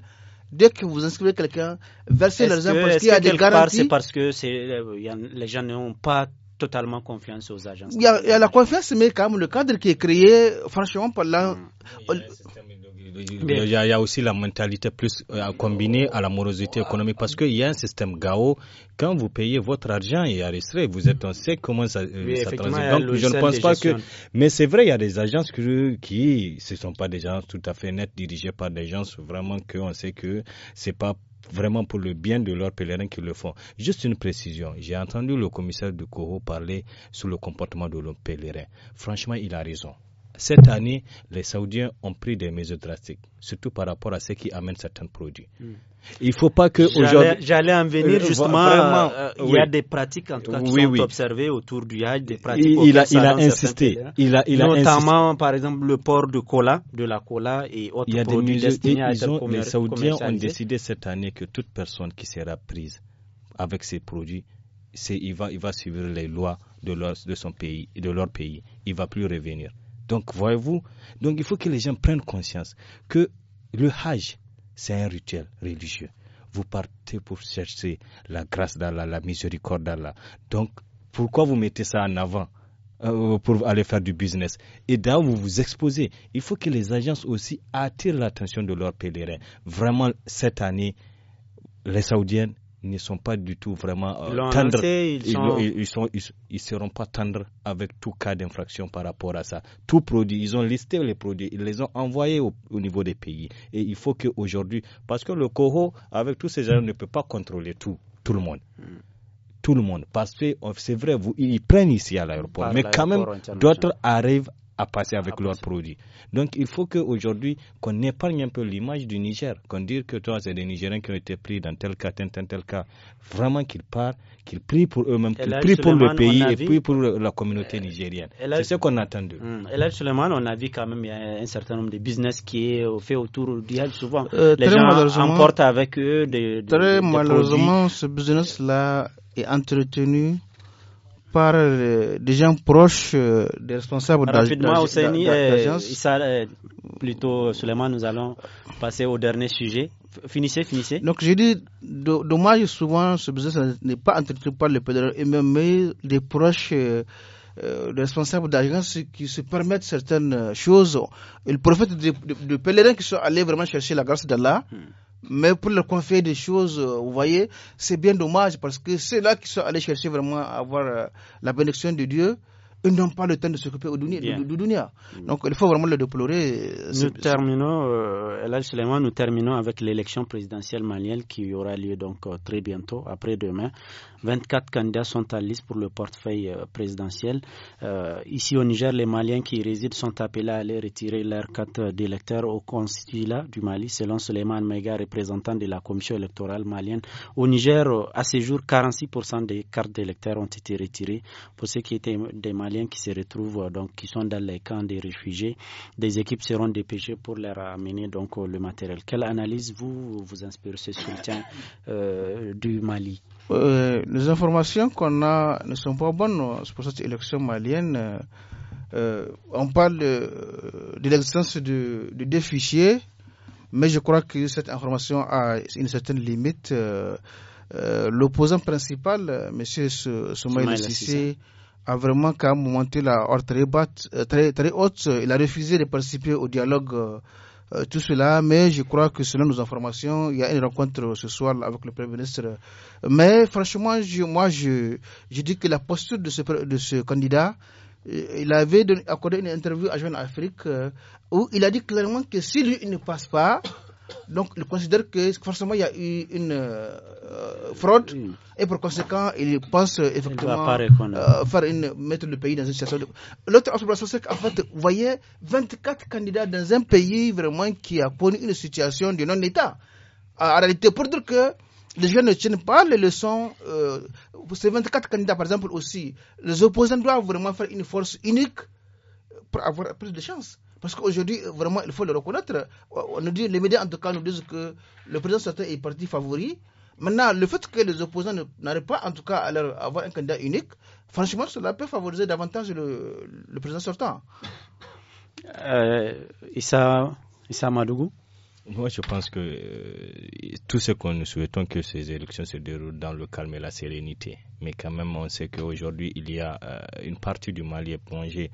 dès que vous inscrivez quelqu'un, versez l'argent parce qu'il y a des garanties. C'est parce que euh, les gens n'ont pas totalement confiance aux agences. Il y, a, la confiance, mais quand même le cadre qui est créé, franchement, par là, il y, a, aussi la mentalité plus euh, combinée à la morosité économique parce qu'il y a un système GAO. Quand vous payez votre argent, et y Vous êtes, on sait comment ça, euh, transite. Donc, je ne pense pas que. Mais c'est vrai, il y a des agences qui, ne sont pas des gens tout à fait nets dirigées par des gens vraiment qu'on sait que ce n'est pas vraiment pour le bien de leurs pèlerins qu'ils le font. Juste une précision, j'ai entendu le commissaire de Coro parler sur le comportement de leurs pèlerins. Franchement, il a raison. Cette année, les Saoudiens ont pris des mesures drastiques, surtout par rapport à ceux qui amènent certains produits. Hmm. Il ne faut pas que J'allais en venir euh, justement. Euh, il y a des pratiques en tout cas qui sont observées autour du Hajj, des pratiques. Il, hein. il a, il a insisté. Il a, Notamment par exemple le port de cola, de la cola et autres il y a des destinés à ont, Les Saoudiens ont décidé cette année que toute personne qui sera prise avec ces produits, il va, suivre les lois de, de son pays, de leur pays. Il ne va plus revenir. Donc, voyez-vous, donc il faut que les gens prennent conscience que le Hajj, c'est un rituel religieux. Vous partez pour chercher la grâce d'Allah, la miséricorde d'Allah. Donc, pourquoi vous mettez ça en avant euh, pour aller faire du business. Et là, vous vous exposez. Il faut que les agences aussi attirent l'attention de leurs pèlerins. Vraiment, cette année, les Saoudiennes, ne sont pas du tout vraiment euh, tendres. ils, ne seront pas tendres avec tout cas d'infraction par rapport à ça. Tout produit, ils ont listé les produits, ils les ont envoyés au, niveau des pays. Et il faut qu'aujourd'hui, parce que le COHO, avec tous ces gens, ne peut pas contrôler tout, tout le monde. Tout le monde. Parce que oh, c'est vrai, vous, ils prennent ici à l'aéroport. Mais quand même, d'autres arrivent à passer avec leurs produits. Donc il faut qu'aujourd'hui, qu'on épargne un peu l'image du Niger, qu'on dise que toi, c'est des Nigériens qui ont été pris dans tel cas, tel, tel, tel cas. Vraiment qu'ils partent, qu'ils prient pour eux-mêmes, qu'ils prient pour le pays et puis pour la communauté euh, nigérienne. C'est ce qu'on attendait. attendu. Hum. Et là, seulement on a vu quand même il y a un certain nombre de business qui est fait autour du Souvent, euh, les gens emportent avec eux des, Très malheureusement, ce business-là est entretenu par euh, des gens proches euh, des responsables Rapidement, Ousseini et euh, plutôt Suleiman, nous allons passer au dernier sujet. Finissez, finissez. Donc, j'ai dit, dommage souvent, ce business n'est pas entretenu par les pèlerins eux mais les proches. Euh, responsables d'agence qui se permettent certaines choses. le prophète de, pèlerin qui sont allés vraiment chercher la grâce d'Allah. Hmm. Mais pour leur confier des choses, euh, vous voyez, c'est bien dommage parce que c'est là qu'ils sont allés chercher vraiment à avoir euh, la bénédiction de Dieu ils n'ont pas le temps de s'occuper du dunia. Mm. Donc il faut vraiment le déplorer. Euh, nous terminons, euh, nous terminons avec l'élection présidentielle malienne qui aura lieu donc euh, très bientôt, après-demain. 24 candidats sont à liste pour le portefeuille présidentiel. ici au Niger, les Maliens qui y résident sont appelés à aller retirer leurs carte d'électeurs au consulat du Mali, selon Suleiman Mega, représentant de la commission électorale malienne. Au Niger, à ce jour, 46% des cartes d'électeurs ont été retirées pour ceux qui étaient des qui se retrouvent, euh, donc, qui sont dans les camps des réfugiés. Des équipes seront dépêchées pour leur amener donc, euh, le matériel. Quelle analyse vous vous inspire ce soutien euh, du Mali Les informations qu'on a ne sont pas bonnes pour cette élection malienne. on parle de l'existence de, de deux fichiers, mais je crois que cette information a une certaine limite. l'opposant principal, M. Soumaïl Sissé, a vraiment quand même la horde très, haute. Il a refusé de participer au dialogue, euh, euh, tout cela, mais je crois que selon nos informations, il y a une rencontre ce soir avec le Premier ministre. Mais franchement, moi, je, je dis que la posture de ce, de ce candidat, euh, il avait accordé une interview à Jeune Afrique où il a dit clairement que si lui ne passe pas, donc il considère que forcément il y a eu une euh, fraude et pour conséquent il pense euh, effectivement euh, faire une, mettre le pays dans une situation de... L'autre observation c'est qu'en fait vous voyez 24 candidats dans un pays vraiment qui a connu une situation de non-État. En réalité pour dire que les gens ne tiennent pas les leçons. ces 24 candidats, par exemple, aussi, les opposants doivent vraiment faire une force unique pour avoir plus de chances. Parce qu'aujourd'hui, vraiment, il faut le reconnaître. Euh, on dit, les médias, en tout cas, nous disent que le président sortant est parti favori. Maintenant, le fait que les opposants n'arrivent pas, en tout cas, à avoir un candidat unique, franchement, cela peut favoriser davantage le, président sortant. Euh, Issa, Madougou moi, je pense que euh, tout ce que nous souhaitons que ces élections se déroulent dans le calme et la sérénité. Mais quand même, on sait qu'aujourd'hui, il y a une partie du Mali est plongée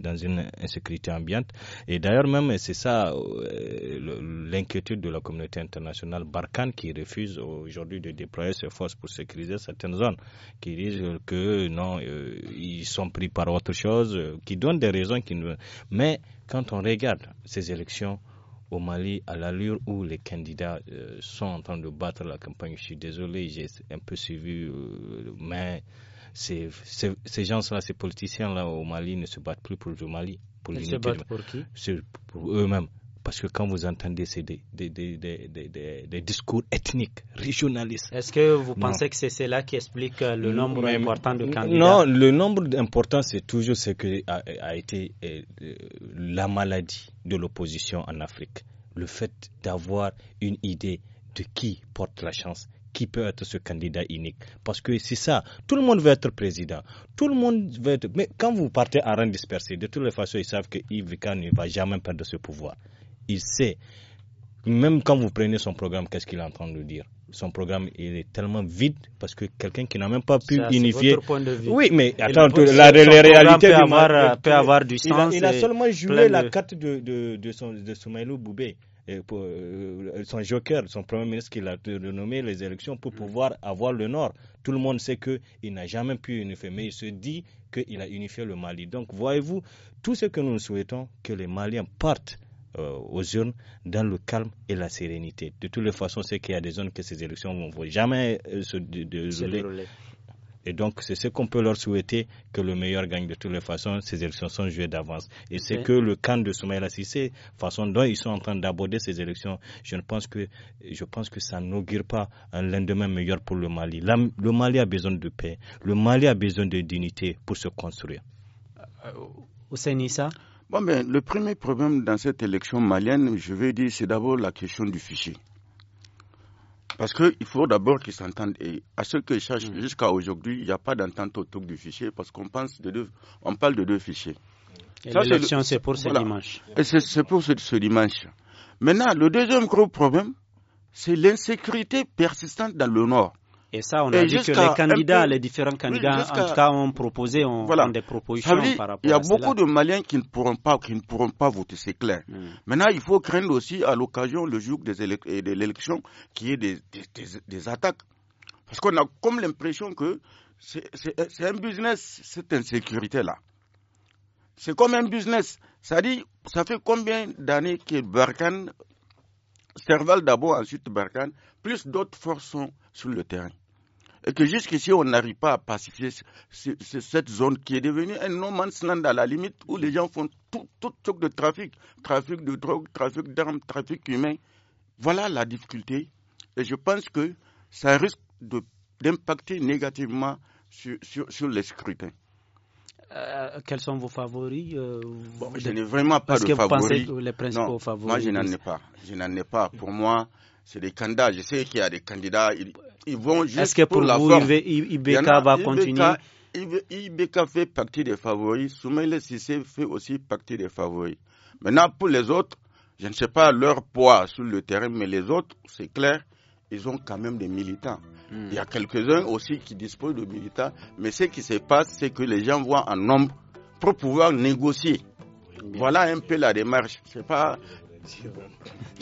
dans une insécurité ambiante. Et d'ailleurs même, c'est ça euh, l'inquiétude de la communauté internationale, Barkhane qui refuse aujourd'hui de déployer ses forces pour sécuriser certaines zones, qui disent que non, euh, ils sont pris par autre chose, euh, qui donnent des raisons qui Mais quand on regarde ces élections, au Mali à l'allure où les candidats sont en train de battre la campagne. Je suis désolé, j'ai un peu suivi, mais ces, ces, gens-là, ces politiciens-là au Mali ne se battent plus pour le Mali. Pour Ils se battent pour qui Pour eux-mêmes. Parce que quand vous entendez ces des, des, des, des, discours ethniques, régionalistes. Est-ce que vous pensez que c'est cela qui explique euh, le nombre important de candidats Non, le nombre important, c'est toujours ce que a, été euh, la maladie de l'opposition en Afrique. Le fait d'avoir une idée de qui porte la chance qui peut être ce candidat unique. Parce que c'est ça, tout le monde veut être président, tout le monde veut être... Mais quand vous partez à rang dispersé, de toutes les façons, ils savent que Yves ne va jamais perdre ce pouvoir. Il sait, même quand vous prenez son programme, qu'est-ce qu'il est en train de dire son programme il est tellement vide parce que quelqu'un qui n'a même pas pu ça, unifier. Votre point de vue. Oui, mais attends, la, réalité peut avoir, euh, avoir, du sens. Il a, seulement joué la carte de, de, son, de Soumaïlou Boubé pour, euh, son joker, son premier ministre qui a renommé les élections pour mm. pouvoir avoir le Nord. Tout le monde sait qu'il n'a jamais pu unifier, mais il se dit qu'il a unifié le Mali. Donc, voyez-vous, tout ce que nous souhaitons, que les Maliens partent euh, aux urnes dans le calme et la sérénité. De toutes les façons, c'est qu'il y a des zones que ces élections ne vont jamais euh, se dérouler. Et donc, c'est ce qu'on peut leur souhaiter que le meilleur gagne de toutes les façons. Ces élections sont jouées d'avance. Et c'est que le camp de Soumaïla Sissé, façon dont ils sont en train d'aborder ces élections, je ne pense que, je pense que ça n'augure pas un lendemain meilleur pour le Mali. le Mali a besoin de paix. Le Mali a besoin de dignité pour se construire. Euh, Nissa le premier problème dans cette élection malienne, je vais dire, c'est d'abord la question du fichier. Parce qu'il faut d'abord qu'ils s'entendent. Et à ce que je mm. jusqu'à aujourd'hui, il n'y a pas d'entente autour du fichier parce qu'on pense de deux, on parle de deux fichiers. L'élection, c'est pour ce dimanche. C'est pour ce, dimanche. Maintenant, le deuxième gros problème, c'est l'insécurité persistante dans le Nord. Et ça, on a dit que les candidats, les différents candidats, en tout cas, ont proposé ont, des propositions par rapport à Il y a beaucoup de Maliens qui ne pourront pas, qui ne pourront pas voter, c'est clair. Hmm. Maintenant, il faut craindre aussi, à l'occasion, le jour de l'élection, qu'il y ait des, attaques. Parce qu'on a comme l'impression que c'est un business, cette insécurité-là. C'est comme un business. Ça dit, ça fait combien d'années que Barkhane Serval d'abord, ensuite Barkhane, plus d'autres forces sont sur le terrain. Et que jusqu'ici, on n'arrive pas à pacifier cette zone qui est devenue un no man's land à la limite où les gens font tout, tout de trafic. Trafic de drogue, trafic d'armes, trafic humain. Voilà la difficulté. Et je pense que ça risque d'impacter négativement sur, sur, sur les scrutins. Euh, quels sont vos favoris euh, Je n'ai vraiment pas de favoris. les principaux non, favoris Moi, je n'en ai pas. Je n'en ai pas. Pour moi, c'est des candidats. Je sais qu'il y a des candidats. Ils, vont juste. Est-ce que pour, vous, Ibeka va continuer IBK fait partie des favoris. Soumaïla Sissé fait aussi partie des favoris. Maintenant, pour les autres, je ne sais pas leur poids sur le terrain, mais les autres, c'est clair ils ont quand même des militants. Hmm. Il y a quelques-uns aussi qui disposent de militants, mais ce qui se passe, c'est que les gens voient en nombre pour pouvoir négocier. Voilà un peu la démarche. C'est pas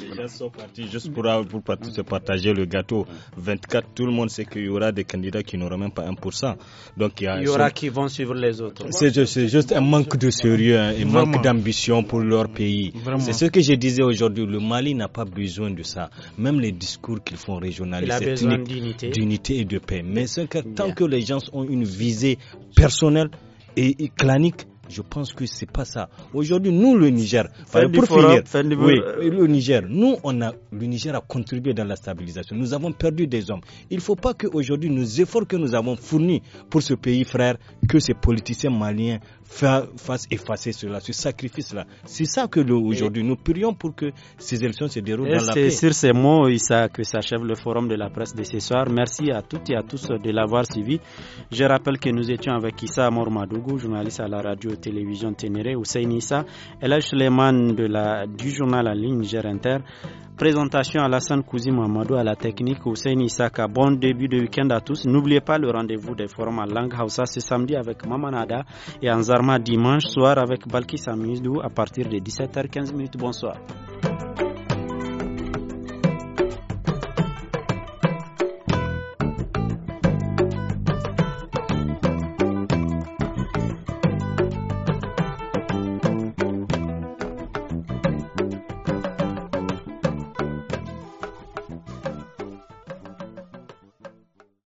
les gens sont partis juste pour, pour, partager le gâteau. 24, tout le monde sait qu'il y aura des candidats qui n'auront même pas 1%. Donc, il y, il y aura qui vont suivre les autres. C'est juste, un manque de sérieux, un hein, manque d'ambition pour leur pays. C'est ce que je disais aujourd'hui. Le Mali n'a pas besoin de ça. Même les discours qu'ils font besoin d'unité et de paix. Mais que, tant que les gens ont une visée personnelle et clanique, je pense que c'est pas ça. Aujourd'hui, nous, le Niger, pour finir, le Niger, nous, on a, le Niger a contribué dans la stabilisation. Nous avons perdu des hommes. Il ne faut pas qu'aujourd'hui, nos efforts que nous avons fournis pour ce pays frère, que ces politiciens maliens fasse effacer cela, ce sacrifice-là. C'est ça que aujourd'hui nous prions pour que ces élections se déroulent dans la paix. C'est sur ces mots, Issa, que s'achève le forum de la presse de ce soir. Merci à toutes et à tous de l'avoir suivi. Je rappelle que nous étions avec Issa Mormadougou, journaliste à la radio-télévision Ténéré, Hussein Issa, Elaj Suleiman de la, du journal en ligne Gérinter. Présentation à la Sainte-Cousine Mamadou à la technique Hussein Issa, Bon début de week-end à tous. N'oubliez pas le rendez-vous des forums en langue ce samedi avec Mamanada et Anza dimanche soir avec Balkis à partir de 17h15. Bonsoir.